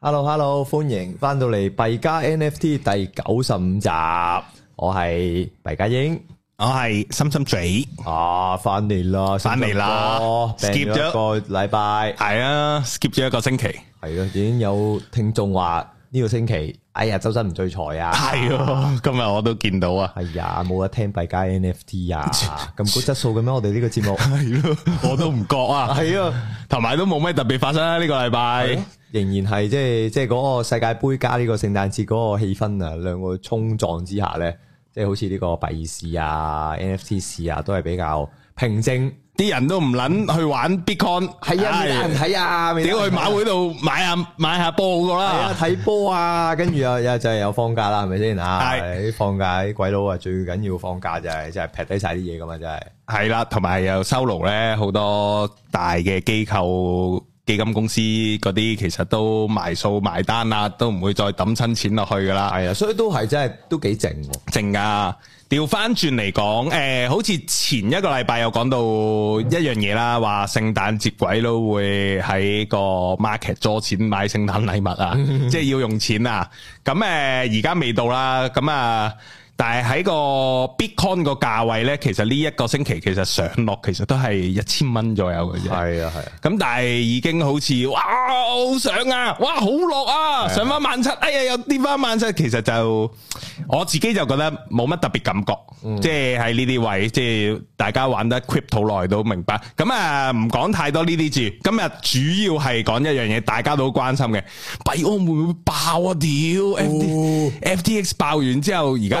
hello hello，歡迎翻到嚟幣加 NFT 第九十五集，我係幣加英，我係心心嘴啊，翻嚟啦，翻嚟啦，skip 咗個禮拜，係啊，skip 咗一個星期，係啊，已經有聽眾話呢個星期，哎呀，周身唔聚財啊，係啊，今日我都見到啊，係啊，冇得聽幣加 NFT 啊，咁高質素嘅咩？我哋呢個節目，係咯，我都唔覺啊，係啊，同埋都冇咩特別發生啊，呢個禮拜。仍然係即係即係嗰個世界盃加呢個聖誕節嗰個氣氛啊，兩個衝撞之下咧，即係好似呢個幣市啊、NFT 市啊，都係比較平靜。啲人都唔撚去玩 Bitcoin，係啊，睇啊、哎，屌去馬會度買啊買下波好過啦，睇波啊，跟住又 就係有放假啦，係咪先啊？係放假鬼佬啊，最緊要放假就係就係撇低晒啲嘢咁啊，真係係啦，同埋又收爐咧，好多大嘅機構。基金公司嗰啲其實都埋數埋單啦，都唔會再抌親錢落去噶啦，係啊，所以都係真係都幾靜㗎。調翻轉嚟講，誒、呃，好似前一個禮拜又講到一樣嘢啦，話聖誕節鬼都會喺個 market 多錢買聖誕禮物啊， 即係要用錢啊。咁誒，而家未到啦，咁啊。呃但係喺個 Bitcoin 個價位咧，其實呢一個星期其實上落其實都係一千蚊左右嘅啫。係啊係啊。咁但係已經好似哇，好上啊！哇，好落啊！上翻萬七，哎呀，又跌翻萬七。其實就我自己就覺得冇乜特別感覺，即係喺呢啲位，即係大家玩得 Crypt 好耐都明白。咁啊，唔講太多呢啲字。今日主要係講一樣嘢，大家都好關心嘅幣安會唔會爆啊？屌，FTX 爆完之後，而家。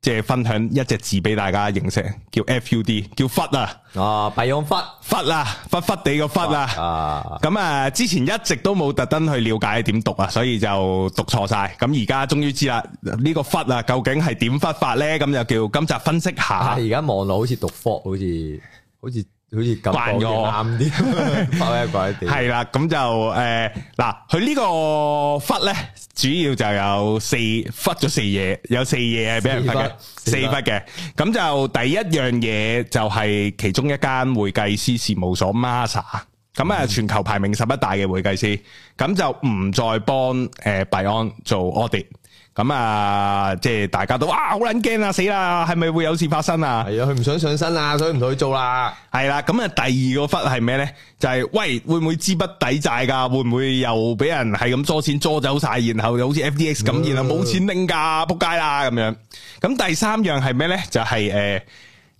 即係分享一隻字俾大家認識，叫 FUD，叫忽啊，哦，培用「忽，忽啊，忽忽地個忽啊，咁啊，之前一直都冇特登去了解點讀啊，所以就讀錯晒，咁而家終於知啦，呢個忽啊究竟係點忽法咧？咁就叫今集分析下。而家望落好似讀忽，好似好似。好似咁啱啲，包一鬼屌！係啦，咁就誒，嗱，佢呢個忽咧，主要就有四忽咗四嘢，有四嘢係俾人忽嘅，四忽嘅。咁就第一樣嘢就係其中一間會計師事務所 Masa，咁啊全球排名十一大嘅會計師，咁就唔再幫誒幣安做 audit。咁啊，即係大家都哇，好撚驚啊，死啦，係咪會有事發生啊？係啊，佢唔想上身啊，所以唔同佢做啦。係啦，咁啊，第二個 FUD 係咩咧？就係喂，會唔會資不抵債噶？會唔會又俾人係咁搓錢搓走晒，然後又好似 F T X 咁，然後冇錢拎噶，扑街啦咁樣。咁第三樣係咩咧？就係誒，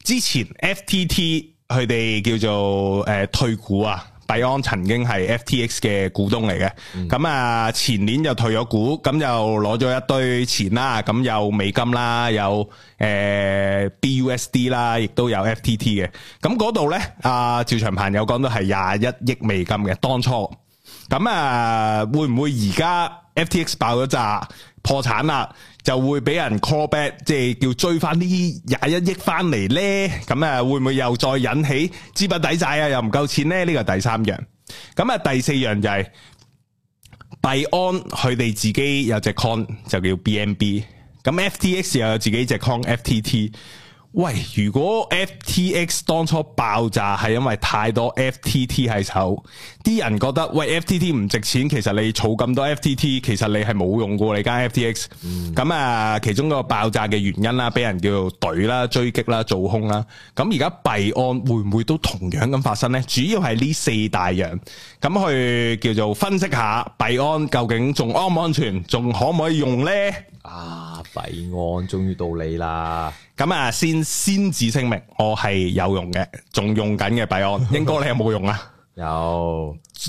之前 F T T 佢哋叫做誒退股啊。幣安曾經係 FTX 嘅股東嚟嘅，咁啊前年就退咗股，咁就攞咗一堆錢啦，咁有美金啦，有誒 BUSD 啦，亦都有 FTT 嘅，咁嗰度咧，阿趙長鵬有講到係廿一億美金嘅當初，咁啊會唔會而家 FTX 爆咗炸破產啦？就會俾人 call back，即係叫追翻呢廿一億翻嚟咧。咁啊，會唔會又再引起資不抵債啊？又唔夠錢咧？呢個第三樣。咁啊，第四樣就係幣安佢哋自己有隻 con 就叫 BMB。咁 FTX 又有自己隻 con FTT。喂，如果 FTX 當初爆炸係因為太多 FTT 喺手，啲人覺得喂 FTT 唔值錢，其實你儲咁多 FTT，其實你係冇用噶。你而家 FTX，咁啊，其中個爆炸嘅原因啦，俾人叫做懟啦、追擊啦、做空啦。咁而家幣安會唔會都同樣咁發生呢？主要係呢四大樣，咁去叫做分析下幣安究竟仲安唔安全，仲可唔可以用呢？啊，幣安終於到你啦！咁啊，先先旨聲明，我係有用嘅，仲用緊嘅幣安。 英哥你有冇用啊？有，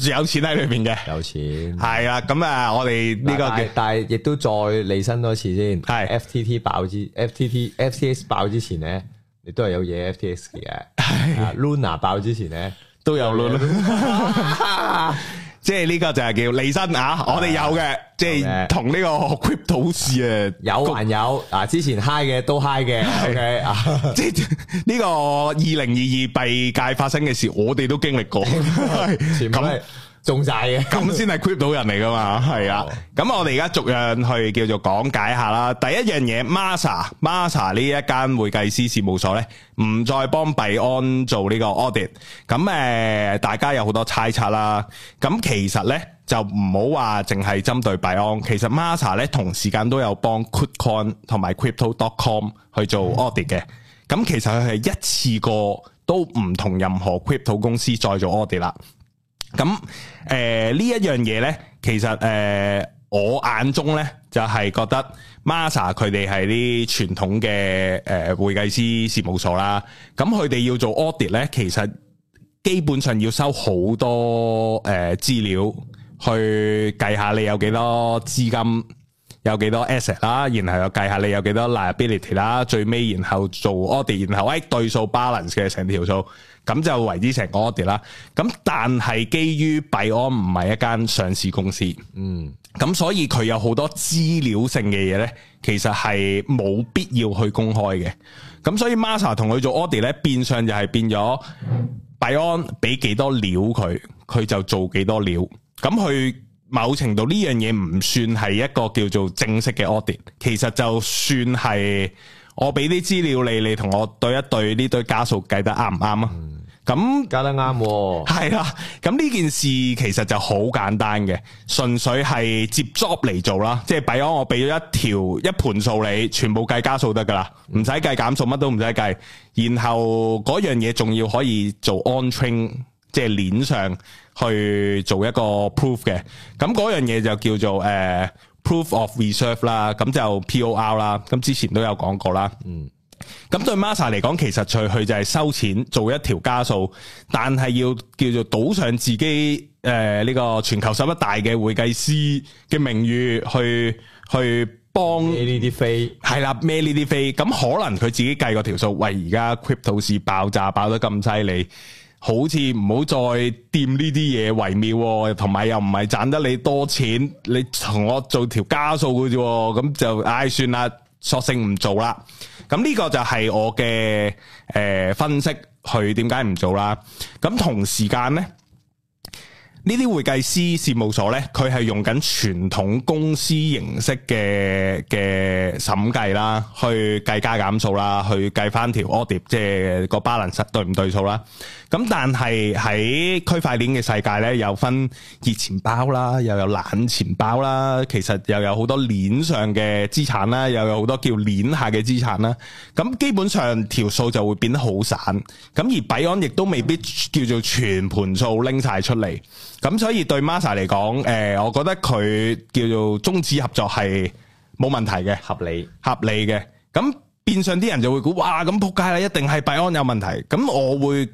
有錢喺裏邊嘅。有錢。係啦，咁啊、這個，我哋呢個但係亦都再利申多次先。係是。F T T 爆之，F T T F T S 爆之前咧，你都係有嘢 F T S 嘅的。 的 Luna 爆之前咧，都有 Luna。 即係呢個就係叫離身啊！我哋有嘅，即係同呢個 crypto 事啊，個有還有啊，之前 high 嘅都 high 嘅，OK 啊！即係呢個二零二二幣界發生嘅事，我哋都經歷過。咁。中晒嘅，咁先係 Crypto 人嚟噶嘛？係啊，咁、哦嗯、我哋而家逐樣去叫做講解下啦。第一樣嘢 Mazars，Mazars 呢一間會計師事務所咧，唔再幫幣安做呢個 Audit。咁、嗯、誒、大家有好多猜測啦。咁其實咧，就唔好話淨係針對幣安，其實 Mazars 咧同時間都有幫 KuCoin 同埋 Crypto.com 去做 Audit 嘅。咁、嗯、其實佢係一次過都唔同任何 Crypto 公司再做 Audit 啦。咁誒、呃、呢一樣嘢咧，其實誒、呃、我眼中咧，就係、是、覺得 MASA 佢哋係啲傳統嘅誒、呃、會計師事務所啦。咁佢哋要做 audit 咧，其實基本上要收好多誒、呃、資料去計下你有幾多資金。有幾多 asset 啦，然後又計下你有幾多 liability 啦，最尾然後做 audit，然後誒對數 balance 嘅成條數，咁就為之成個 audit 啦。咁但係基於幣安唔係一間上市公司，嗯，咁所以佢有好多資料性嘅嘢咧，其實係冇必要去公開嘅。咁所以 Mazars 同佢做 audit 咧，變相就係變咗幣安俾幾多料佢，佢就做幾多料，咁佢。某程度呢樣嘢，唔算係一個叫做正式嘅 audit。其實就算係我俾啲資料你，你同我對一對呢堆加數計得啱唔啱啊？咁搞得啱，係啦。咁呢件事其實就好簡單嘅，純粹係接 job 嚟做啦，即係比方我俾咗一條一盤數你，全部計加數得噶啦，唔使計減、減數，乜都唔使計。然後嗰樣嘢仲要可以做 on train，即係鏈上，去做一個 proof 嘅，咁嗰樣嘢就叫做誒、uh, proof of reserve 啦，咁就 P O R 啦，咁之前都有講過啦。嗯，咁對 Masa 嚟講，其實佢佢就係收錢做一條加數，但係要叫做賭上自己誒呢、uh, 個全球首一大嘅會計師嘅名譽去去幫。孭呢啲飛，係啦，孭呢啲飛，咁可能佢自己計個條數，喂，而家 crypto 市爆炸爆得咁犀利。好似唔好再掂呢啲嘢為妙喎，同埋又唔係賺得你多錢，你同我做條加數嘅啫喎，咁就唉算啦，索性唔做啦。咁呢個就係我嘅誒、呃、分析，佢點解唔做啦。咁同時間咧。呢啲會計師事務所呢，佢係用緊傳統公司形式嘅嘅審計啦，去計加減數啦，去計翻條 audit，即係個 balance 對唔對數啦。咁但係喺區塊鏈嘅世界呢，又分熱錢包啦，又有冷錢包啦。其實又有好多鏈上嘅資產啦，又有好多叫鏈下嘅資產啦。咁基本上條數就會變得好散。咁而幣安亦都未必叫做全盤數拎晒出嚟。咁所以對 Masa 嚟講，誒、呃，我覺得佢叫做終止合作係冇問題嘅，合理合理嘅。咁變相啲人就會估，哇！咁撲街啦，一定係幣安有問題。咁我會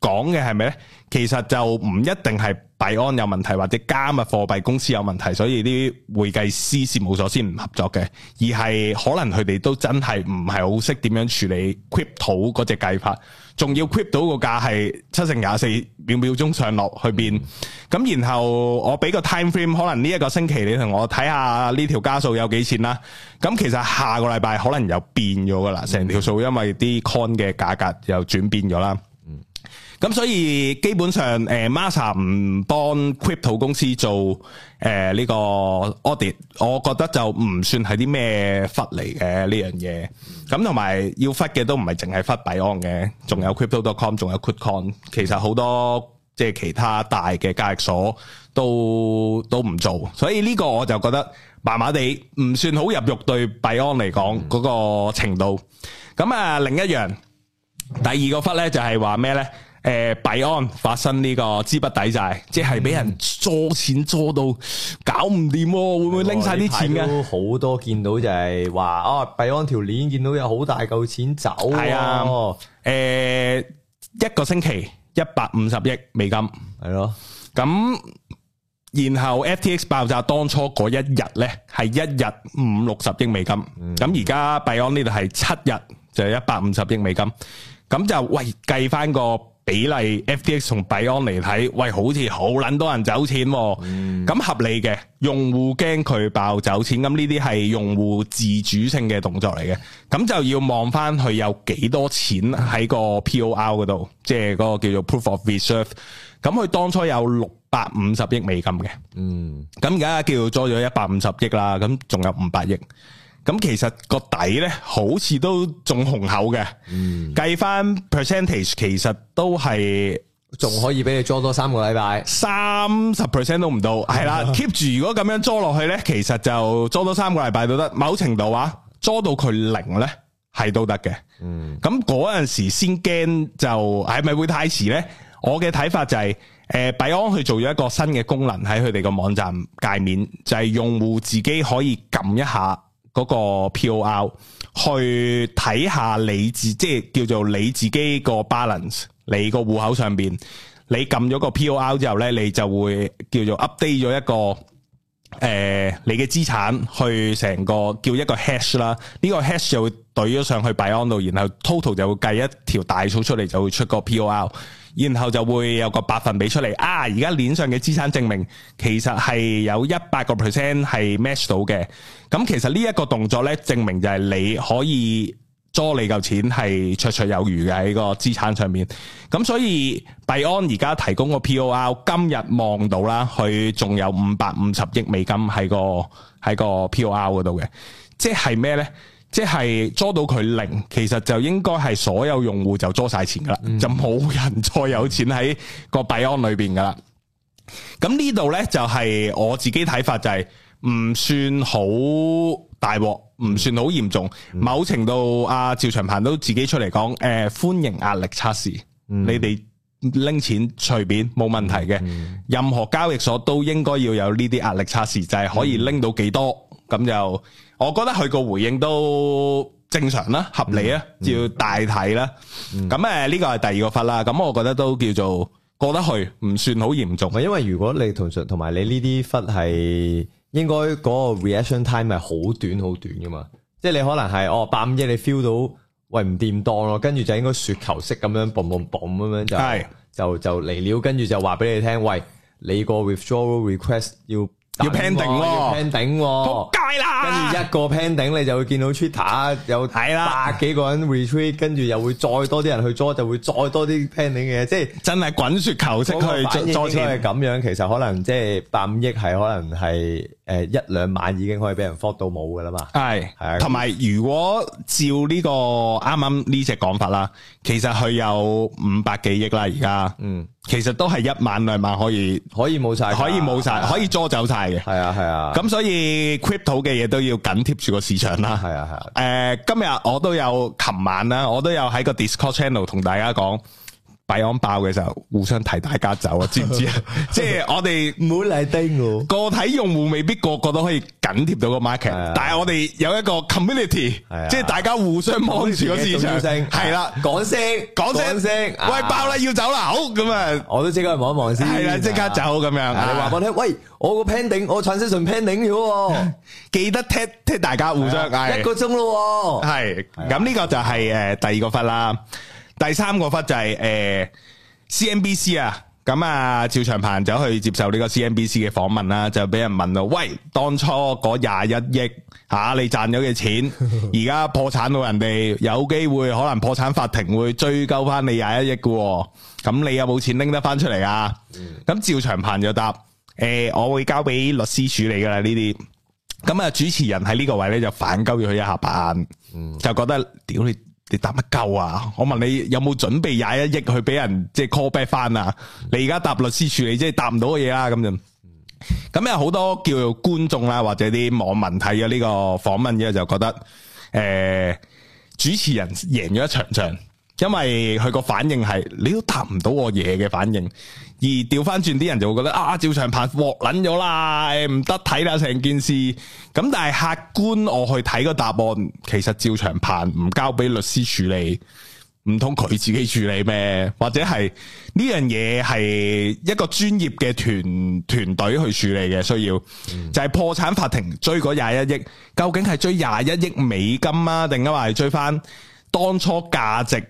講嘅係咪咧？其實就唔一定係。幣安有問題或者加密貨幣公司有問題，所以啲會計師事務所先唔合作嘅，而係可能佢哋都真係唔係好識點樣處理 Crypto 嗰隻計法，仲要 Crypto 個價係七乘廿四秒秒鐘上落去變，咁、嗯、然後我俾個 time frame，可能呢一個星期你同我睇下呢條加數有幾錢啦，咁其實下個禮拜可能又變咗噶啦，成條數因為啲 coin 嘅價格又轉變咗啦。嗯嗯咁所以基本上，誒、呃、Masa 唔幫 crypto 公司做誒，呢個 audit，我覺得就唔算係啲咩忽嚟嘅呢樣嘢。咁同埋要忽嘅都唔係淨係忽幣安嘅，仲有 crypto.com，仲有 KuCoin，其實好多即係其他大嘅交易所都都唔做，所以呢個我就覺得麻麻地，唔算好入肉對幣安嚟講嗰個程度。咁啊，另一樣第二個忽咧就係話咩咧？誒，幣安發生呢個資不抵債，即係俾人捉錢捉到搞唔掂，會唔會拎晒啲錢嘅？好多見到就係話，哦，幣安條鏈見到有好大嚿錢走，係啊，誒，一個星期一百五十億美金，係咯，咁然後 FTX 爆炸當初嗰一日呢係一日五六十億美金，咁而家幣安呢度係七日就一百五十億美金，咁就喂計翻個。比例 FTX 同幣安嚟睇，喂，好似好撚多人走錢，啊，咁、嗯、合理嘅。用戶驚佢爆走錢，咁呢啲係用戶自主性嘅動作嚟嘅。咁就要望翻佢有幾多錢喺個 POR 嗰度，即係嗰個叫做 Proof of Reserve。咁佢當初有六百五十億美金嘅，咁而家叫做咗一百五十億啦，咁仲有五百億。咁其實個底咧，好似都仲雄厚嘅。嗯，計翻 percentage 其實都係仲可以俾你捉多三個禮拜，三十 percent 都唔到。係啦，keep 住如果咁樣捉落去咧，其實就捉多三個禮拜都得。某程度啊，捉到佢零咧係都得嘅。嗯，咁嗰陣時先驚就係咪會太遲咧？我嘅睇法就係、是，誒、呃，幣安去做咗一個新嘅功能喺佢哋個網站界面，就係、是、用戶自己可以撳一下。嗰個 POR 去睇下你自即係叫做你自己個 balance，你個戶口上邊，你撳咗個 POR 之後咧，你就會叫做 update 咗一個誒、呃、你嘅資產去成個叫一個 hash 啦，呢個 hash 就會對咗上去幣安度，然後 total 就會計一條大數出嚟，就會出個 POR。然後就會有個百分比出嚟啊！而家鏈上嘅資產證明其實係有一百個 percent 係 match 到嘅。咁其實呢一個動作咧，證明就係你可以揸你嚿錢係綽綽有餘嘅喺個資產上面。咁所以幣安而家提供個 POR，今日望到啦，佢仲有五百五十億美金喺個喺個 POR 嗰度嘅，即係咩呢？即係捉到佢零，其實就應該係所有用戶就捉晒錢噶啦，嗯、就冇人再有錢喺個幣安裏邊噶啦。咁呢度呢，就係、是、我自己睇法，就係唔算好大鑊，唔算好嚴重。嚴重嗯、某程度阿、啊、趙長鵬都自己出嚟講，誒、呃、歡迎壓力測試，嗯、你哋拎錢隨便冇問題嘅，嗯、任何交易所都應該要有呢啲壓力測試，就係、是、可以拎到幾多。嗯咁就，我覺得佢個回應都正常啦，合理啊，要大體啦。咁誒，呢個係第二個忽啦。咁我覺得都叫做過得去，唔算好嚴重。因為如果你同上同埋你呢啲忽係應該嗰個 reaction time 係好短好短嘅嘛，即係你可能係哦百五億你 feel 到，喂唔掂當咯，跟住就應該雪球式咁樣 boom boom boom 咁樣就就就嚟了，跟住就話俾你聽，喂你個 withdrawal request 要。要 pending、啊、要 pending，仆街啦！跟住一個 pending，你就會見到 Twitter 有 百幾個人 retweet，跟住又會再多啲人去抓，就會再多啲 pending 嘅嘢，即係 真係滾雪球式去坐前。咁樣其實可能即係百五億，係可能係。誒，嗯、一兩萬已經可以俾人 FUD 到冇噶啦嘛，係係啊，同埋如果照呢、這個啱啱呢隻講法啦，其實佢有五百幾億啦，而家，嗯，其實都係一萬兩萬可以，可以冇晒，可以冇晒，啊、可以捉走晒嘅，係啊係啊，咁、啊、所以 crypto 嘅嘢都要緊貼住個市場啦，係啊係啊，誒、啊啊呃，今日我都有，琴晚啦，我都有喺個 Discord channel 同大家講。幣安爆嘅時候，互相提大家走啊！知唔知啊？即係我哋唔冇嚟低，我個體用戶未必個個都可以緊貼到個 market，但係我哋有一個 community，即係大家互相望住個市場，係啦，講聲講聲，喂，爆啦，要走啦，好咁啊！我都即刻望一望先，係啦，即刻走咁樣。你話我聽，喂，我個 pending，我 transaction pending 嘅，記得聽聽大家互相嗌一個鐘咯，係咁呢個就係誒第二個分啦。第三個 FUD 就係、是、誒、呃、CNBC 啊，咁啊，趙長鵬走去接受呢個 CNBC 嘅訪問啦，就俾人問到，喂，當初嗰廿一億吓你賺咗嘅錢，而家破產到人哋，有機會可能破產法庭會追究翻你廿一億嘅，咁、啊、你有冇錢拎得翻出嚟啊？咁趙、嗯啊、長鵬就答：誒、呃，我會交俾律師處理噶啦呢啲。咁啊，主持人喺呢個位咧就反鳩咗佢一下板，就覺得、嗯、屌你！你答乜鳩啊？我問你有冇準備踩一億去俾人即係 call back 返啊？你而家答律師處理即係、就是、答唔到嘅嘢啊？咁就咁有好多叫觀眾啦、啊、或者啲網民睇咗呢個訪問嘅就覺得誒、呃、主持人贏咗一場仗，因為佢個反應係你都答唔到我嘢嘅反應。而調翻轉啲人就會覺得啊，趙長鵬鑊撚咗啦，唔得睇啦成件事。咁但係客觀我去睇個答案，其實趙長鵬唔交俾律師處理，唔通佢自己處理咩？或者係呢樣嘢係一個專業嘅團團隊去處理嘅需要，就係、是、破產法庭追嗰廿一億，究竟係追廿一億美金啊，定係話係追翻當初價值，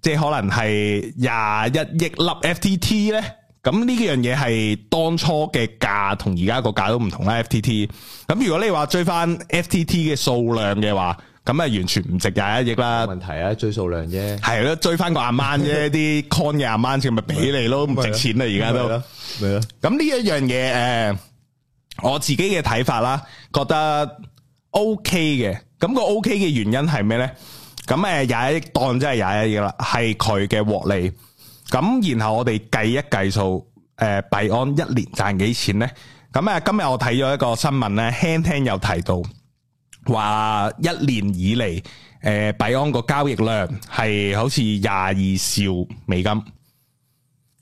即係可能係廿一億粒 FTT 呢？咁呢幾樣嘢係當初嘅價同而家個價都唔同啦，F T T。咁如果你話追翻 F T T 嘅數量嘅話，咁啊完全唔值廿一億啦。冇問題啊，追數量啫。係咯，追翻個阿萬啫，啲 con 嘅阿萬先咪俾你咯，唔值錢啦而家都。咪咯。咁呢一樣嘢，誒，我自己嘅睇法啦，覺得 O K 嘅。咁個 O K 嘅原因係咩咧？咁誒廿一億當真係廿一億啦，係佢嘅獲利。咁然後我哋計一計數，誒幣安一年賺幾錢咧？咁啊今日我睇咗一個新聞咧，輕聽有提到話一年以嚟，誒幣安個交易量係好似廿二兆美金。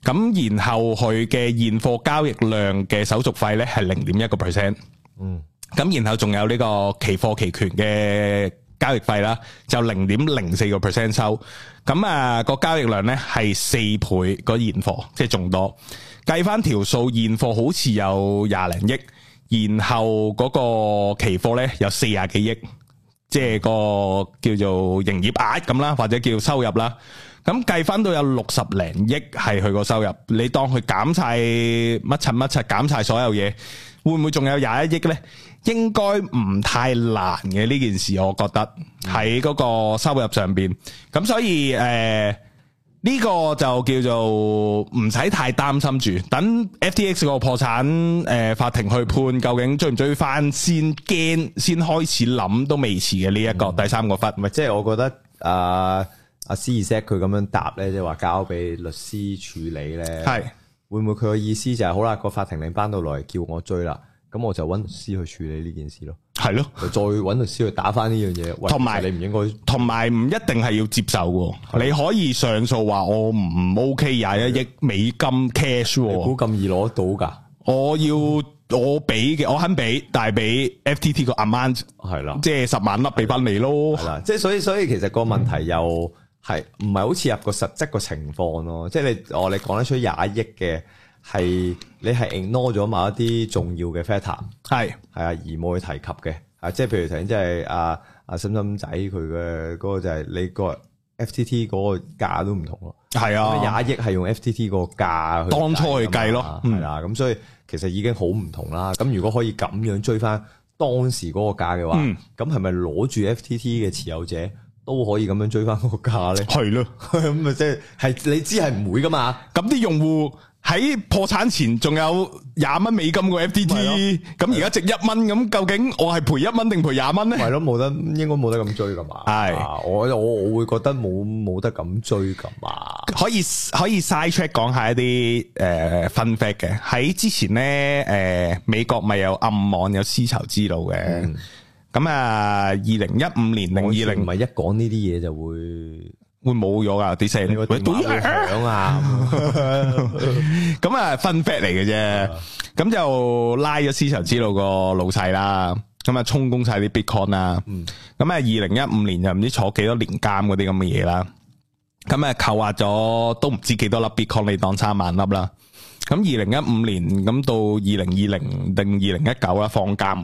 咁然後佢嘅現貨交易量嘅手續費咧，係零點一個 percent，嗯。咁然後仲有呢個期貨期權嘅。交易費啦，就零點零四個 percent 收，咁啊個交易量咧係四倍個現貨，即係仲多。計翻條數現貨好似有廿零億，然後嗰個期貨咧有四廿幾億，即係個叫做營業額咁啦，或者叫收入啦。咁計翻到有六十零億係佢個收入，你當佢減晒乜七乜七，減晒所有嘢，會唔會仲有廿一億咧？應該唔太難嘅呢件事，我覺得喺嗰個收入上邊，咁所以誒呢、呃這個就叫做唔使太擔心住，等 FTX 個破產誒、呃、法庭去判、嗯、究竟追唔追翻先，驚先開始諗都未遲嘅呢一個、嗯、第三個分，唔係即係我覺得誒阿、呃、CZ 佢咁樣答呢，即係話交俾律師處理呢，係是會唔會佢嘅意思就係、是、好啦，個法庭令搬到來叫我追啦。咁我就揾律師去處理呢件事咯，係咯的，我再揾律師去打翻呢樣嘢，同埋有你唔應該，同埋唔一定係要接受嘅，的你可以上訴話我唔 OK 廿一億美金 cash，唔好咁易攞到㗎。我要、嗯、我俾嘅，我肯俾，但係俾 FTT 個 amount 係啦，的即係十萬粒俾翻你咯。係啦，即係所，所以，所以其實個問題又係唔係好似入個實質個情況咯？即係你哦，你講得出廿一億嘅。係你係 ignore 咗某一啲重要嘅 factor，係係啊而冇去提及嘅啊，即係譬如頭先即係阿阿心心仔佢嘅嗰個就係、是、你 F 個 F T T 嗰個價都唔同咯，係啊廿億係用 F T T 個價去當初去計咯，係啦咁所以其實已經好唔同啦。咁如果可以咁樣追翻當時嗰個價嘅話，咁係咪攞住 F T T 嘅持有者都可以咁樣追翻嗰個價咧？係咯，咁咪即係你知係唔會噶嘛？咁啲、嗯、用戶。喺破產前仲有廿蚊美金個 FTT 咁而家值一蚊，咁、啊、究竟我係賠一蚊定賠廿蚊咧？係咯、啊，冇得，應該冇得咁追噶嘛。係是，我我我會覺得冇冇得咁追噶嘛可。可以可以 side check 講下一啲誒 fun fact 嘅。喺、呃、之前咧，誒、呃、美國咪有暗網有絲綢之路嘅。咁、嗯、啊，二零一五年零二零咪一講呢啲嘢就會。會冇咗啊啲聲，喂，都響啊！咁啊， 分發嚟嘅啫，咁就拉咗絲綢之路個老細啦，咁啊充公晒啲 bitcoin 啦，咁啊二零一五年就唔知坐幾多年監嗰啲咁嘅嘢啦，咁啊扣押咗都唔知幾多粒 bitcoin 你當差萬粒啦，咁二零一五年咁到二零二零定二零一九咧放監，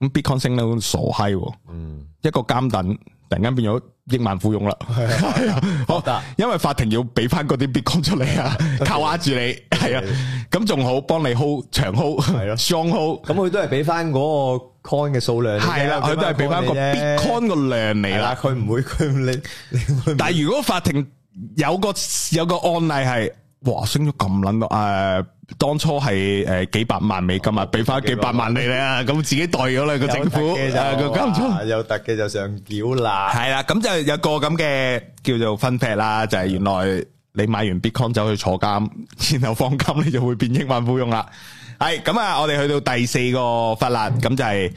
咁 bitcoin 升得好傻閪，嗯，一個監躉，突然間變咗。億萬富翁啦，係啊，好，因為法庭要俾翻嗰啲 bitcoin 出嚟啊，扣壓住你，係啊，咁仲好幫你 hold 長 hold，係咯，short hold，咁佢都係俾翻嗰個 coin 嘅數量，係啦，佢都係俾翻個 bitcoin 個量嚟啦，佢唔會佢唔拎，但係如果法庭有個有個案例係。哇，升咗咁捻多誒！當初係誒幾百萬美金啊，俾翻幾百萬你啊，咁自己袋咗啦個政府啊個監倉，有突嘅就上繳啦。係啦，咁就有個咁嘅叫做分配啦，就係原來你買完 Bitcoin 走去坐監，然後放監你就會變億萬富翁啦。係咁啊，我哋去到第四個 FUD，咁就係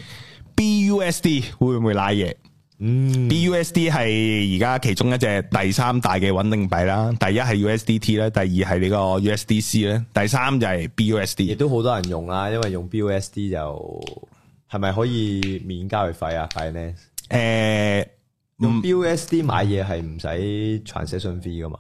BUSD 會唔會瀨嘢？嗯，BUSD 係而家其中一隻第三大嘅穩定幣啦。第一係 USDT 啦，第二係你個 USDC 咧，第三就係 BUSD，亦都好多人用啦。因為用 BUSD 就係咪可以免交易費啊？費咧、嗯？誒，用 BUSD 買嘢係唔使 transaction fee 噶嘛？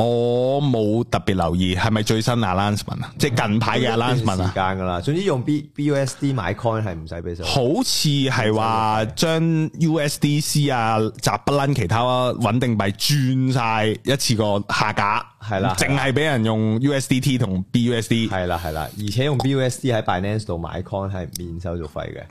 我冇特別留意，係咪最新嘅 announcement 啊？即係近排嘅啊 announcement 啊。時間㗎喇，總之用 B BUSD 買 coin 係唔使俾手。好似係話將 USDC 啊，集不楞其他穩定幣轉晒一次個下架，係啦，嗯。淨係俾人用 USDT 同 BUSD，係啦係啦。而且用 BUSD 喺 Binance 度買 coin 係免手續費嘅。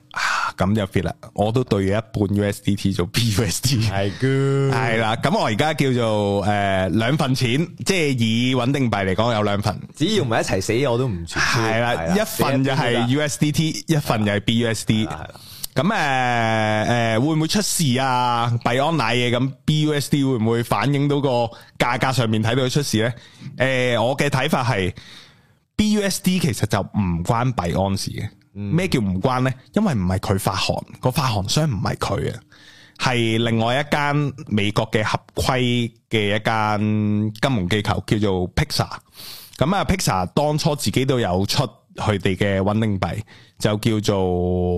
咁就 fit 啦，我都兌一半 USDT 做 BUSD。係噶，係啦、 嗯。咁我而家叫做誒兩、呃、份錢，即係以穩定幣嚟講有兩份，只要唔係一齊死，我都唔輸。係啦的，了一份就係 USDT，了一份就係 BUSD。咁誒誒，會唔會出事啊？幣安奶嘢咁 BUSD 會唔會反映到個價格上面睇到佢出事咧？誒、嗯，我嘅睇法係 BUSD 其實就唔關幣安事嘅。咩叫唔關呢？因為唔係佢發行，個發行商唔係佢啊，係另外一間美國嘅合規嘅一間金融機構叫做 Pixar。咁啊，Pixar 當初自己都有出佢哋嘅穩定幣，就叫做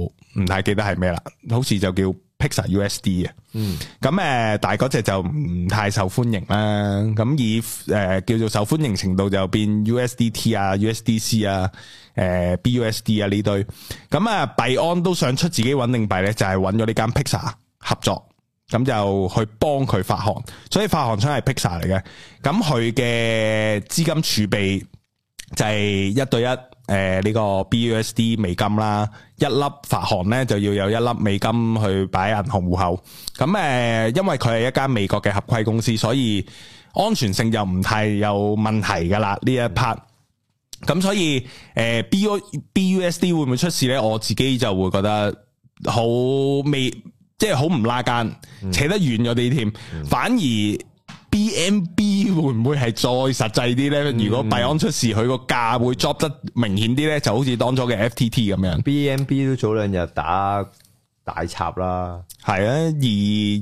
唔太記得係咩啦，好似就叫。Paxos USD 啊、嗯，咁誒，但係嗰隻就唔太受歡迎啦。咁以誒、呃、叫做受歡迎程度就變 USDT 啊、USDC 啊、誒、呃、BUSD 啊呢堆。咁啊幣安都想出自己穩定幣咧，就係揾咗呢間 Paxos 合作，咁就去幫佢發行。所以發行商係 Paxos 嚟嘅，咁佢嘅資金儲備就係一對一。誒，呢、呃這個 BUSD 美金啦，一粒發行咧就要有一粒美金去擺銀行戶口。咁誒、呃，因為佢係一間美國嘅合規公司，所以安全性就唔太有問題噶啦。呢一 part，咁所以誒、呃、BUSD 會唔會出事呢？我自己就會覺得好未，即係好唔拉更，嗯、扯得遠咗啲添，嗯、反而。B N B 會唔會係再實際啲咧？嗯、如果幣安出事，佢個價會 drop 得明顯啲咧？就好似當初嘅 F T T 咁樣。B N B 都早兩日打大插啦，係啊，二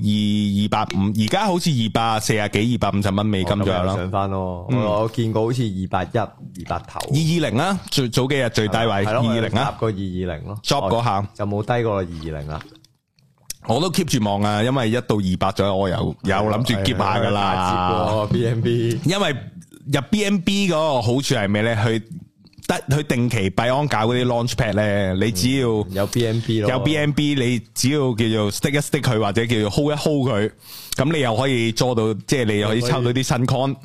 二二百五，而家好似二百四啊幾，二百五十蚊美金左右咯。上翻咯，我我見過好似二百一、二百頭、二二零啊，最早幾日最低位二二零啊，過二二零咯，drop 嗰下有冇低過二二零啊？我都 keep 住望啊，因為一到二百左右，我有有諗住接下噶啦。哦的，BNB，因為入 BNB 嗰個好處係咩咧？佢得佢定期幣安搞嗰啲 launch pad 咧，你只要有 BNB 咯，有 BNB 你只要叫做 st stick 一 stick 佢或者叫做 hold 一 hold 佢，咁你又可以捉到，即係你又可以抽到啲新 coin。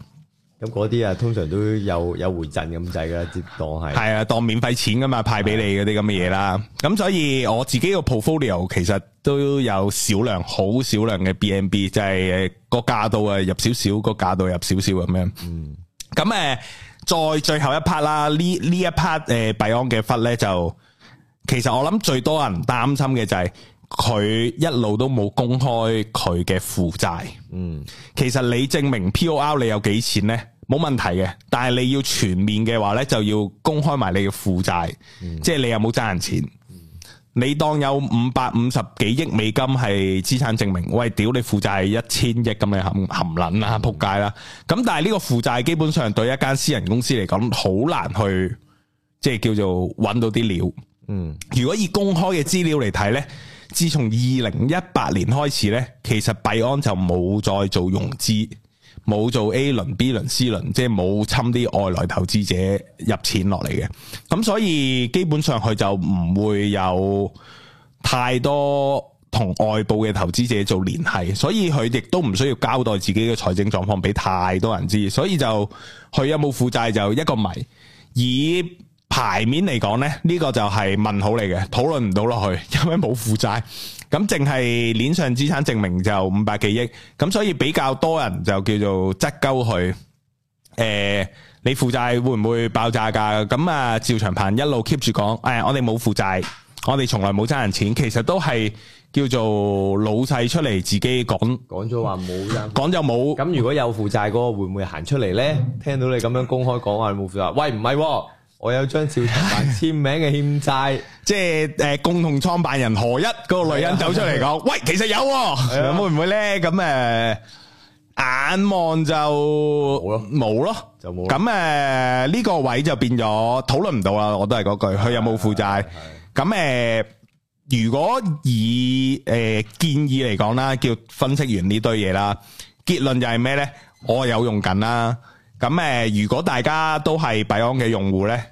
咁嗰啲啊，通常都有有回贈咁滯噶，接當係係啊，當免費錢噶嘛，派俾你嗰啲咁嘅嘢啦。咁 所以我自己個 portfolio 其實都有少量、好少量嘅 BNB，就係個價度啊入少少，個價度入少少、個價度、入少少咁樣。嗯。咁誒，再最後一 part 啦，呢呢一 part 誒幣安嘅忽咧，就其實我諗最多人擔心嘅就係佢一路都冇公開佢嘅負債。嗯。其實你證明 POR 你有幾錢咧？冇問題嘅，但係你要全面嘅話呢，就要公開埋你嘅負債，嗯、即係你有冇爭人錢。嗯、你當有五百五十幾億美金係資產證明，喂，屌你負債一千億，咁你含含撚啦，扑街啦！咁、嗯、但係呢個負債基本上對一間私人公司嚟講，好難去即係叫做揾到啲料。嗯，如果以公開嘅資料嚟睇呢，自從二零一八年開始呢，其實幣安就冇再做融資。冇做 A 輪、B 輪、C 輪，即係冇侵啲外來投資者入錢落嚟嘅，咁所以基本上佢就唔會有太多同外部嘅投資者做聯繫，所以佢亦都唔需要交代自己嘅財政狀況俾太多人知，所以就佢有冇負債就一個謎。以牌面嚟講呢，呢、呢個就係問號嚟嘅，討論唔到落去，因為冇負債。咁淨係鏈上資產證明就五百幾億，咁所以比較多人就叫做質鳩佢。誒，你負債會唔會爆炸噶？咁啊，照常噴，一路 keep 住講。誒，我哋冇負債，我哋從來冇爭人錢，其實都係叫做老細出嚟自己講。講咗話冇爭，講就冇。咁如果有負債嗰個會唔會行出嚟呢？聽到你咁樣公開講話冇負債，喂，唔係喎。我有張小台版簽名嘅欠債，即係誒共同創辦人何一嗰個女人走出嚟講，喂，其實有，會唔會咧？咁誒，眼望就冇咯，冇咯，就冇。咁誒呢個位就變咗討論唔到啦。我都係嗰句，佢有冇負債？咁誒，如果以誒建議嚟講啦，叫分析完呢堆嘢啦，結論就係咩咧？我有用緊啦。咁誒，如果大家都係幣安嘅用戶咧？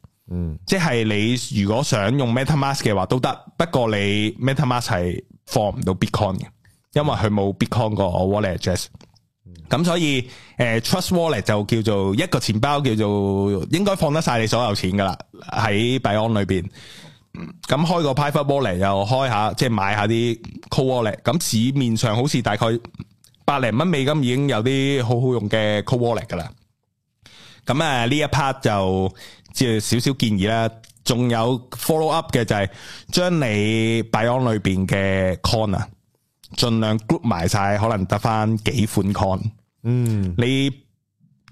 嗯，即係你如果想用 MetaMask 嘅話都得，不過你 MetaMask 係放唔到 Bitcoin 嘅，因為佢冇 Bitcoin 個 wallet address。咁、嗯、所以誒、呃、，Trust Wallet 就叫做一個錢包，叫做應該放得晒你所有錢噶啦，喺幣安裏邊。咁開個 PayPal wallet 又開下，即係買一下啲 Cold Wallet。咁市面上好似大概百零蚊美金已經有啲好好用嘅 Cold Wallet 噶啦。咁啊，呢一 part 就。即係少少建議啦，仲有 follow up 嘅就係、是、將你幣安裏邊嘅 con 啊，盡量 group 埋晒，可能得翻幾款 con、er。嗯，你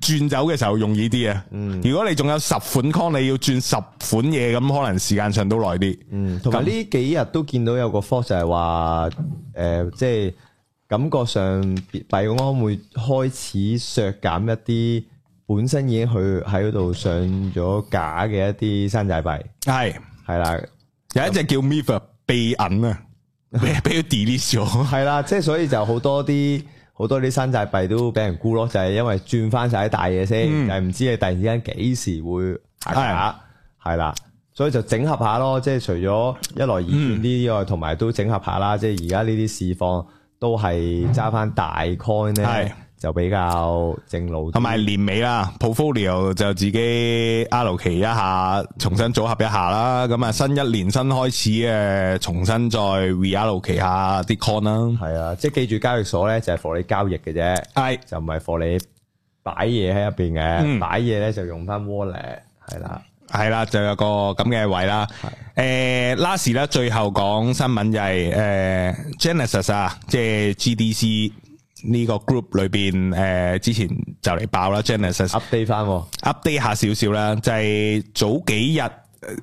轉走嘅時候容易啲啊。嗯，如果你仲有十款 con、er，你要轉十款嘢，咁可能時間上都耐啲。嗯，同埋呢幾日都見到有個科就係話，誒、呃，即、就、係、是、感覺上幣安會開始削減一啲。本身已經去喺嗰度上咗假嘅一啲山寨幣，係係啦，的有一隻叫 Mifa 秘銀啊，俾俾佢 delete 咗，係啦， 即、就、係、是、所以就好多啲好多啲山寨幣都俾人沽咯，就係、是、因為轉翻晒啲大嘢先，但係唔知你突然之間幾時會下架，係啦、嗯的，所以就整合下咯，即、就、係、是、除咗一來二轉啲之外，同埋都整合下啦，即係而家呢啲市況都係揸翻大 coin 咧。嗯的就比較正路，同埋年尾啦，portfolio 就自己 ralo 期一下，重新組合一下啦。咁啊、嗯，新一年新開始嘅，重新再 ralo 期下啲 con 啦。係啊，即係記住交易所咧，就係、是、for 你交易嘅啫，係、哎、就唔係 for 你擺嘢喺入邊嘅。嗯、擺嘢咧就用翻 wallet 係啦、啊，係啦、啊，就有個咁嘅位啦。誒，last 咧最後講新聞就係、是、誒、呃、Genesis 啊，即係 GDC。呢個 group 裏邊，誒、呃、之前就嚟爆啦，Genesis，update 翻，update 下少少啦，就係、是、早幾日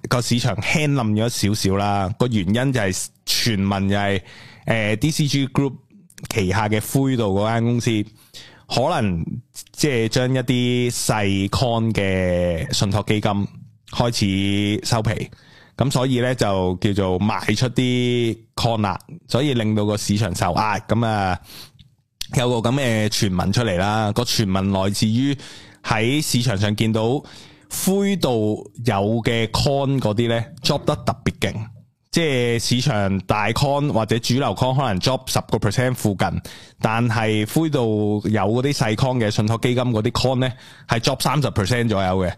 個、呃、市場輕冧咗少少啦。個原因就係傳聞就係、是、誒、呃、DCG Group 旗下嘅灰度嗰間公司，可能即係將一啲細 coin 嘅信託基金開始收皮，咁所以咧就叫做賣出啲 coin 啦，所以令到個市場受壓，咁、嗯、啊～、嗯呃有個咁嘅傳聞出嚟啦，個傳聞來自於喺市場上見到灰度有嘅 con 嗰啲咧，job 得特別勁。即係市場大 con 或者主流 con 可能 drop 十個 percent 附近，但係灰度有嗰啲細 con 嘅信託基金嗰啲 con 咧，係 drop 三十 percent 左右嘅。咁、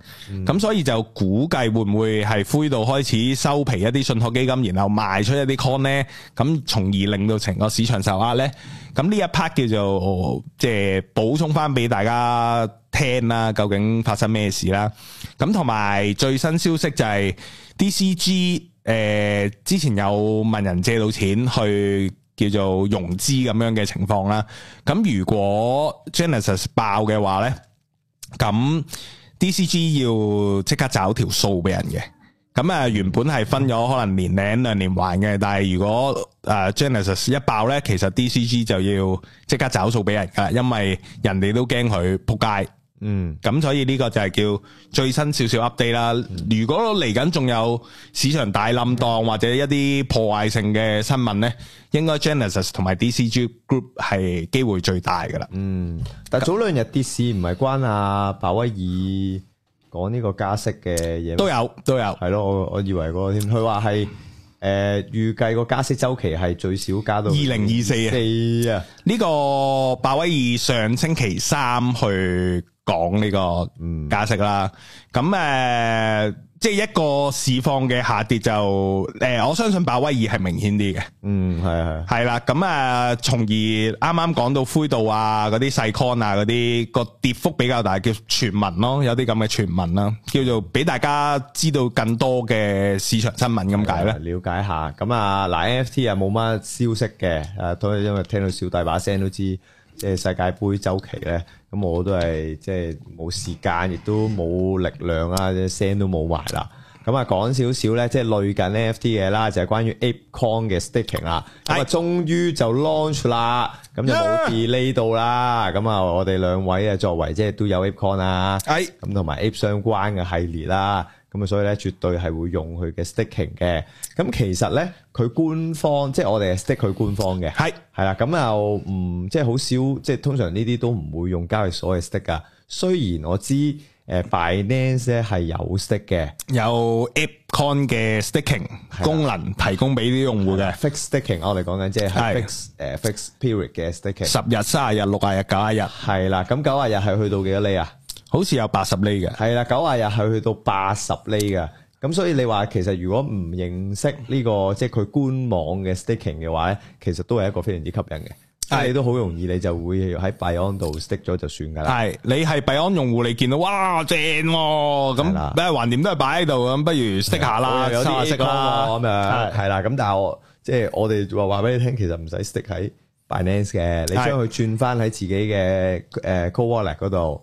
嗯、所以就估計會唔會係灰度開始收皮一啲信託基金，然後賣出一啲 con 咧，咁從而令到成個市場受壓咧。咁呢一 part 叫做即係、哦就係、補充翻俾大家聽啦、啊，究竟發生咩事啦？咁同埋最新消息就係 DCG。誒、呃、之前有問人借到錢去叫做融資咁樣嘅情況啦，咁如果 Genesis 爆嘅話咧，咁 DCG 要即刻找條數俾人嘅。咁啊原本係分咗可能年幾兩年還嘅，但係如果誒 Genesis 一爆咧，其實 DCG 就要即刻找數俾人噶，因為人哋都驚佢撲街。嗯，咁所以呢個就係叫最新少少 update 啦。如果嚟緊仲有市場大冧檔，或者一啲破壞性嘅新聞呢，應該 Genesis 同埋 DCG Group 係機會最大噶啦。嗯，但係早兩日跌市唔係關阿鮑威爾講呢個加息嘅嘢都有都有，係咯？我我以為個添，佢話係誒預計個加息周期係最少加到二零二四啊。四啊，呢個鮑威爾上星期三去。講呢個價值啦，咁誒、呃，即係一個市況嘅下跌就誒、呃，我相信鮑威爾係明顯啲嘅。嗯，係啊，係啦的。咁啊、嗯，從而啱啱講到灰度啊，嗰啲細 con 啊，嗰、那、啲個跌幅比較大，叫傳聞咯，有啲咁嘅傳聞啦，叫做俾大家知道更多嘅市場新聞咁解咧。瞭解下，咁啊，嗱 NFT 又冇乜消息嘅，誒、啊，都係因為聽到小弟把聲都知。即係世界盃周期咧，咁我都係即係冇時間，亦都冇力量啊，聲都冇埋啦。咁啊，講少少咧，即係類近 NFT 嘢啦，就係關於 ApeCoin 嘅 staking 啦。咁啊，終於就 launch 啦，咁就冇 delay 到啦。咁啊，我哋兩位啊，作為即係都有 ApeCoin 啊，係咁同埋 Ape 相關嘅系列啦。咁啊，所以咧，絕對係會用佢嘅 staking 嘅。咁其實咧，佢官方，即係我哋係 stick 佢官方嘅。係，係啦。咁又唔，即係好少，即係通常呢啲都唔會用交易所嘅 stick 噶。雖然我知，誒，Binance 咧係有 stick 嘅，有 Ape Coin 嘅 staking 功能提供俾啲用戶嘅。Fixed staking，我哋講緊即係係誒 fixed period 嘅 staking。十日、三十日、六十日、九十日。係啦，咁九十日係去到幾多厘啊？好似有八十厘嘅，係啦，九啊日係去到八十厘嘅。咁所以你話，其實如果唔認識呢、這個即係佢官網嘅 staking 嘅話咧，其實都係一個非常之吸引嘅，係都好容易你就會喺幣安度 stick 咗就算噶啦。係你係幣安用戶，你見到哇、啊、啦正喎，咁咩橫掂都係擺喺度，咁不如 stick 下啦，有啲高咁啊，係啦。咁但係我即係我哋話話俾你聽，其實唔使 stick 喺 Binance 嘅，你將佢轉翻喺自己嘅誒 co wallet 嗰度。呃對呃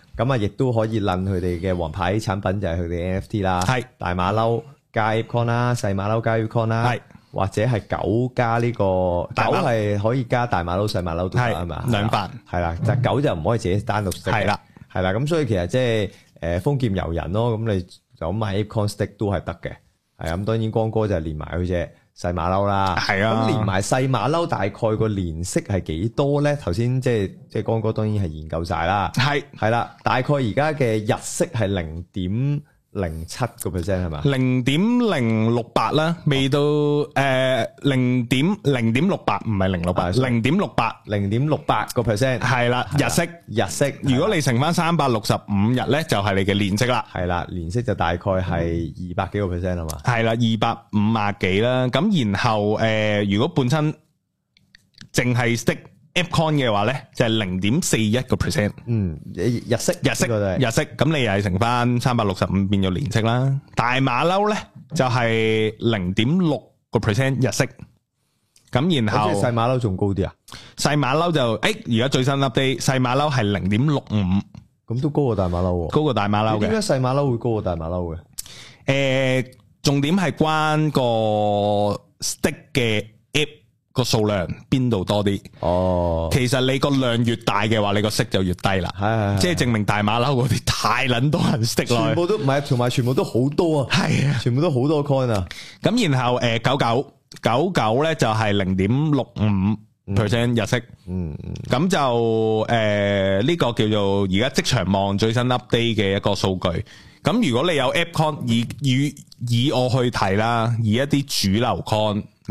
咁啊，亦都可以攬佢哋嘅王牌產品，就係佢哋 NFT 啦，係大馬騮加 ApeCoin 啦，細馬騮加 ApeCoin 啦，係或者係狗加呢個狗係可以加大馬騮、細馬騮都得啊嘛，兩百係啦，但狗就唔可以自己單獨。係啦，係啦，咁所以其實即係誒豐儉由人咯，咁你就咁買 ApeCoin stick 都係得嘅，係啊，咁當然光哥就係連埋佢啫。細馬騮啦，係啊，咁連埋細馬騮大概個年息係幾多咧？頭先即係即係光哥當然係研究晒啦，係係啦，大概而家嘅日息係零點零七個 percent 係嘛？零點零六八啦，8，未到誒，零、呃、點零點六八唔係零六八，零點六八零點六八個 percent 係啦，日息日息，日息如果你乘翻三百六十五日咧，就係、是、你嘅年息啦。係啦，年息就大概係二百幾個 percent 係嘛？係啦、嗯，二百五啊幾啦。咁然後誒、呃，如果本身淨係息。Ape Coin 嘅話咧，就係零點四一個 percent，嗯，日息日息日息，咁你又係乘翻三百六十五變咗年息啦。大馬騮咧就係零點六個 percent 日息，咁然後細馬騮仲高啲啊？細馬騮就誒，而家最新 update，細馬騮係零點六五，咁都高過大馬騮，高過大馬騮嘅。點解細馬騮會高過大馬騮嘅？誒，重點係關個 Stick 嘅 App。個數量邊度多啲？哦，其實你個量越大嘅話，你個息就越低啦。係係，即係證明大馬騮嗰啲太捻多人息啦。全部都唔係，同埋全部都好多啊。係，全部都好多 coin 啊。咁然後誒九九九九咧就係零點六五 percent 日息。嗯嗯，咁就誒呢個叫做而家即場望最新 update 嘅一個數據。咁如果你有 Ape Coin 以以以我去睇啦，以一啲主流 coin。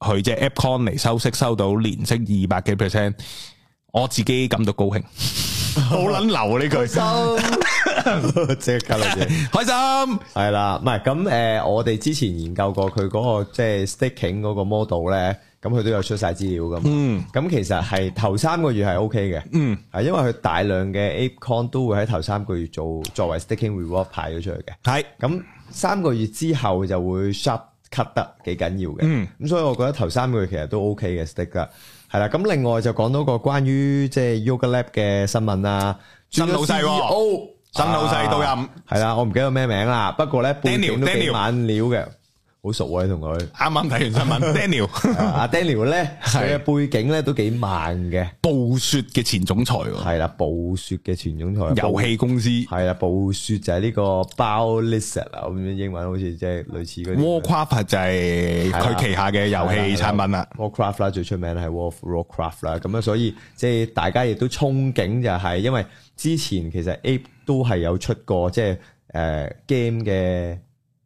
佢隻 Ape Coin 嚟收息，收到年息二百幾 percent，我自己感到高興。好捻流呢句心，即刻老師開心係啦，唔係咁，誒，我哋之前研究過佢嗰個即係 Staking 嗰個 model 咧，咁佢都有出晒資料噶。嗯，咁其實係頭三個月係 OK 嘅，嗯，係因為佢大量嘅 Ape Coin 都會喺頭三個月做作為 Staking reward 派咗出去嘅，係咁三個月之後就會 shop。cut 得幾緊要嘅，咁、嗯、所以我覺得頭三個其實都 OK 嘅，stick 嘅係啦。咁另外就講到個關於即係 Yoga Lab 嘅新聞啊，o，新老細喎、哦，啊、新老細到任係啦，我唔記得咩名啦，不過咧背景都幾猛料嘅。好熟啊，同佢啱啱睇完新聞 ，Daniel 阿 Daniel 咧，佢嘅背景咧都幾慢嘅，暴雪嘅前總裁喎，係啦，暴雪嘅前總裁，遊戲公司係啦，暴雪就係呢個 Blizzard 啊，咁樣英文好似即係類似嗰，Warcraft 就係佢旗下嘅遊戲產品啦，Warcraft 啦最出名咧係 War of Warcraft 啦，咁啊所以即係大家亦都憧憬就係、是，因為之前其實 Ape 都係有出過即係誒 game 嘅。呃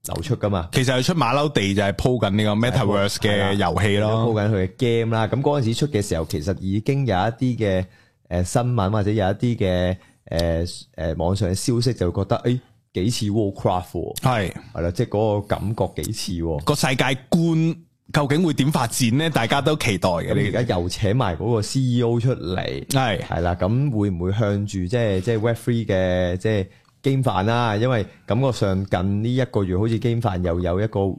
流出噶嘛？其實佢出馬騮地就係鋪緊呢個 Metaverse 嘅遊戲咯，鋪緊佢嘅 game 啦。咁嗰陣時出嘅時候，其實已經有一啲嘅誒新聞或者有一啲嘅誒誒網上嘅消息，就覺得誒、欸、幾似 Warcraft，係、啊、係啦，即係嗰個感覺幾似、啊、個世界觀，究竟會點發展咧？大家都期待嘅。你而家又請埋嗰個 CEO 出嚟，係係啦。咁會唔會向住即係即係 Web3 嘅即係？GameFi 啦，因為感覺上近呢一個月好似 GameFi 又有一個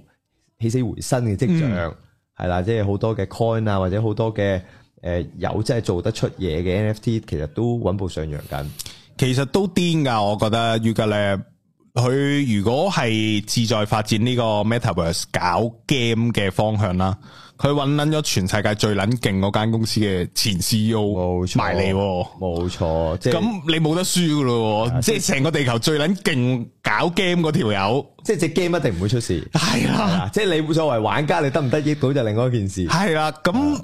起死回生嘅跡象，係啦，即係好多嘅 coin 啊，或者好多嘅誒有真係做得出嘢嘅 NFT，其實都穩步上揚緊。其實都癲㗎，我覺得預計咧，佢如果係志在發展呢個 Metaverse 搞 game 嘅方向啦。佢搵捻咗全世界最捻勁嗰間公司嘅前 CEO 埋嚟。錯，冇錯、啊。咁錯你冇得輸噶咯，啊、即係成個地球最捻勁搞 game 嗰條友，即係隻 game 一定唔會出事。係啦、啊啊啊，即係你作為玩家，你得唔得益到就另外一件事。係啦、啊，咁。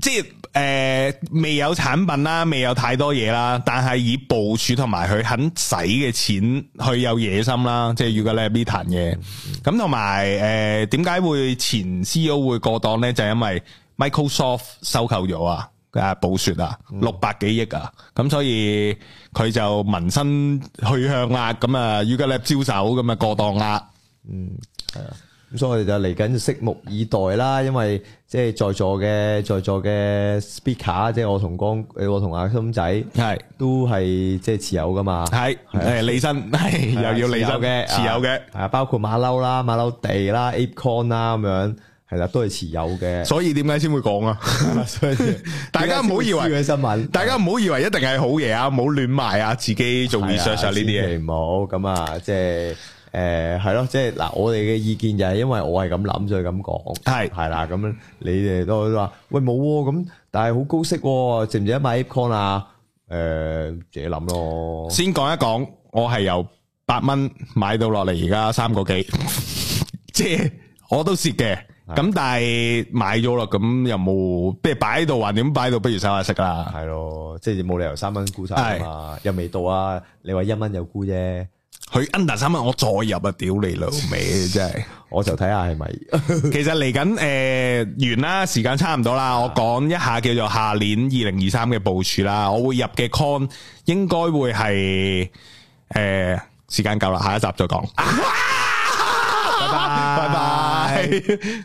即係誒、呃、未有產品啦，未有太多嘢啦，但係以部署同埋佢肯使嘅錢去有野心啦。即係 Yuga Labs 呢壇嘢，咁同埋誒點解會前 CEO 會過檔呢？就係、是、因為 Microsoft 收購咗啊，誒、啊、暴雪啊，六百幾億啊，咁、嗯、所以佢就民生去向啦。咁啊，Yuga Labs，招手咁啊過檔啦，嗯係啊。咁所以我哋就嚟緊，拭目以待啦。因為即係在座嘅，在座嘅 speaker，即係我同光，我同阿心仔，係都係即係持有㗎嘛。係，誒理身，係又要理身嘅持有嘅。係啊，包括馬騮啦，馬騮地啦，ApeCoin 啦咁樣，係啦，都係持有嘅。所以點解先會講啊？大家唔好以為，大家唔好以為一定係好嘢啊！唔好亂賣啊！自己做 research 呢啲嘢唔好咁啊，即係。誒，係咯，即係嗱，我哋嘅意見就係因為我係咁諗，所以咁講，係係啦，咁樣你哋都話，喂冇咁，但係好高息，值唔值得買 icon 啊？誒，自己諗咯。先講一講，我係由八蚊買到落嚟，而家三個幾，即係我都蝕嘅，咁但係買咗啦，咁又冇，即係擺喺度，話點擺喺度不如收下息啦，係咯，即係冇理由三蚊沽晒噶嘛，又未到啊？你話一蚊又沽啫。佢 under 三蚊，3, 我再入啊！屌你老味，真係，我就睇下係咪。其實嚟緊誒完啦，時間差唔多啦， 我講一下叫做下年二零二三嘅部署啦，我會入嘅 con 應該會係誒、呃、時間夠啦，下一集再講。拜拜拜拜。